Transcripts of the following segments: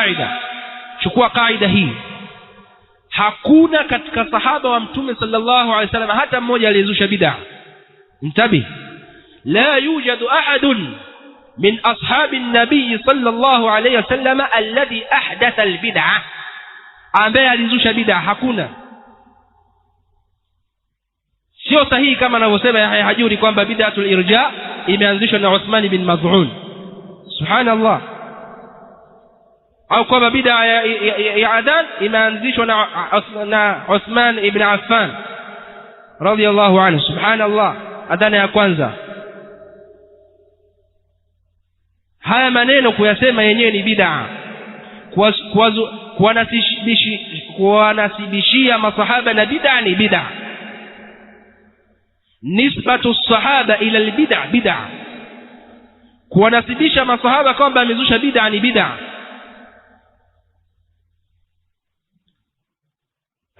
kaida chukua kaida hii hakuna katika sahaba wa mtume sallallahu alaihi wasallam hata mmoja aliyezusha bid'a mtabi la yujadu ahadun min ashabi nabii sallallahu alaihi wasallam alladhi ahdatha albid'a ambaye alizusha bid'a hakuna sio sahihi kama anavyosema Yahya Hajuri kwamba bid'atul irja imeanzishwa na Uthman bin Maz'un subhanallah au kwamba bidaa ya, ya, ya, ya adhan imeanzishwa na, na Uthman ibn Affan radiyallahu anhu. Subhanallah, adhana ya kwanza. Haya maneno kuyasema yenyewe ni bidaa, kuwanasibishia masahaba na bidaa ni bida Nisbatu sahaba ila lbidaa, bid'a, Kuwanasibisha masahaba kwamba amezusha bida ni bida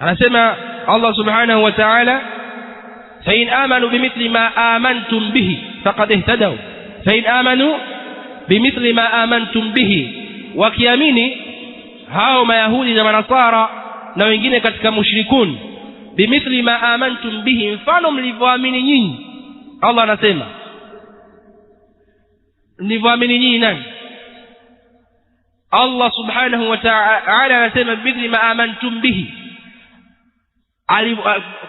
anasema Allah subhanahu wa ta'ala fa in amanu bimithli ma amantum bihi faqad ihtadaw fa in amanu bimithli ma amantum bihi wakiamini hao mayahudi na manasara na wengine katika mushrikun bimithli ma amantum bihi mfano mlivyoamini nyinyi Allah anasema mlivyoamini nyinyi nani Allah subhanahu wa ta'ala anasema bimithli ma amantum bihi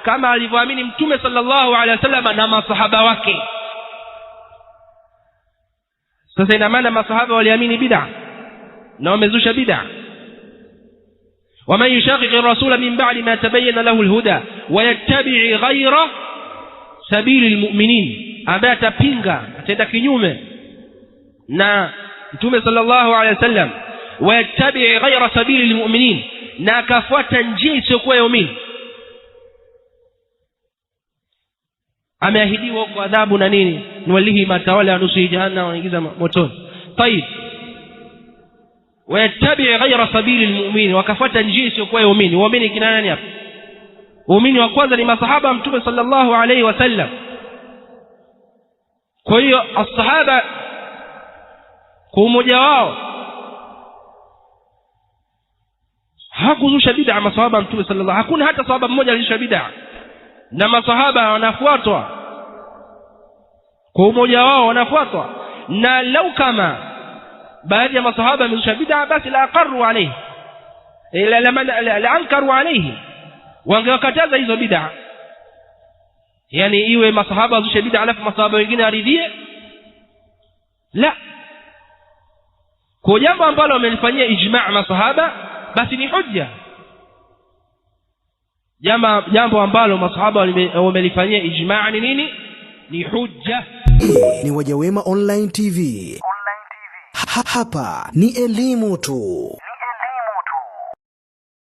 kama alivyoamini mtume sallallahu alaihi wasallam na masahaba wake sasa ina maana masahaba waliamini bid'a na wamezusha bid'a ومن يشاقق الرسول من بعد ما تبين له الهدى ويتبع غير سبيل المؤمنين ambaye atapinga ataenda kinyume na mtume sallallahu alaihi wasallam wayattabi ghaira sabili lilmuminin na akafuata njia isiyokuwa yaumini ameahidiwa huko adhabu na nini nuwalihi matawala nusu jahannam wanaingiza motoni tayib wayatabi ghaira sabili lmuminin wakafuata njia isiyokuwa yaumini waumini kina nani hapa waumini wa kwanza ni masahaba ya mtume sal llahu alaihi wasallam kwa hiyo asahaba kwa umoja wao hakuzusha bid'a masahaba ya mtume sala hakuna hata sahaba mmoja alizusha bidaa na masahaba wanafuatwa kwa umoja wao wanafuatwa na lau kama baadhi ya masahaba amezusha bid'a basi la aqarru alayhi eh, la, ankaru alayhi wangewakataza hizo bid'a yani iwe masahaba azushe bidaa alafu masahaba wengine aridhie la kwa jambo ambalo wamelifanyia ijma' masahaba basi ni hujja jambo ambalo masahaba wamelifanyia ijma' ni nini ni hujja ni Wajawema Online TV. Online TV. Ha hapa ni elimu tu.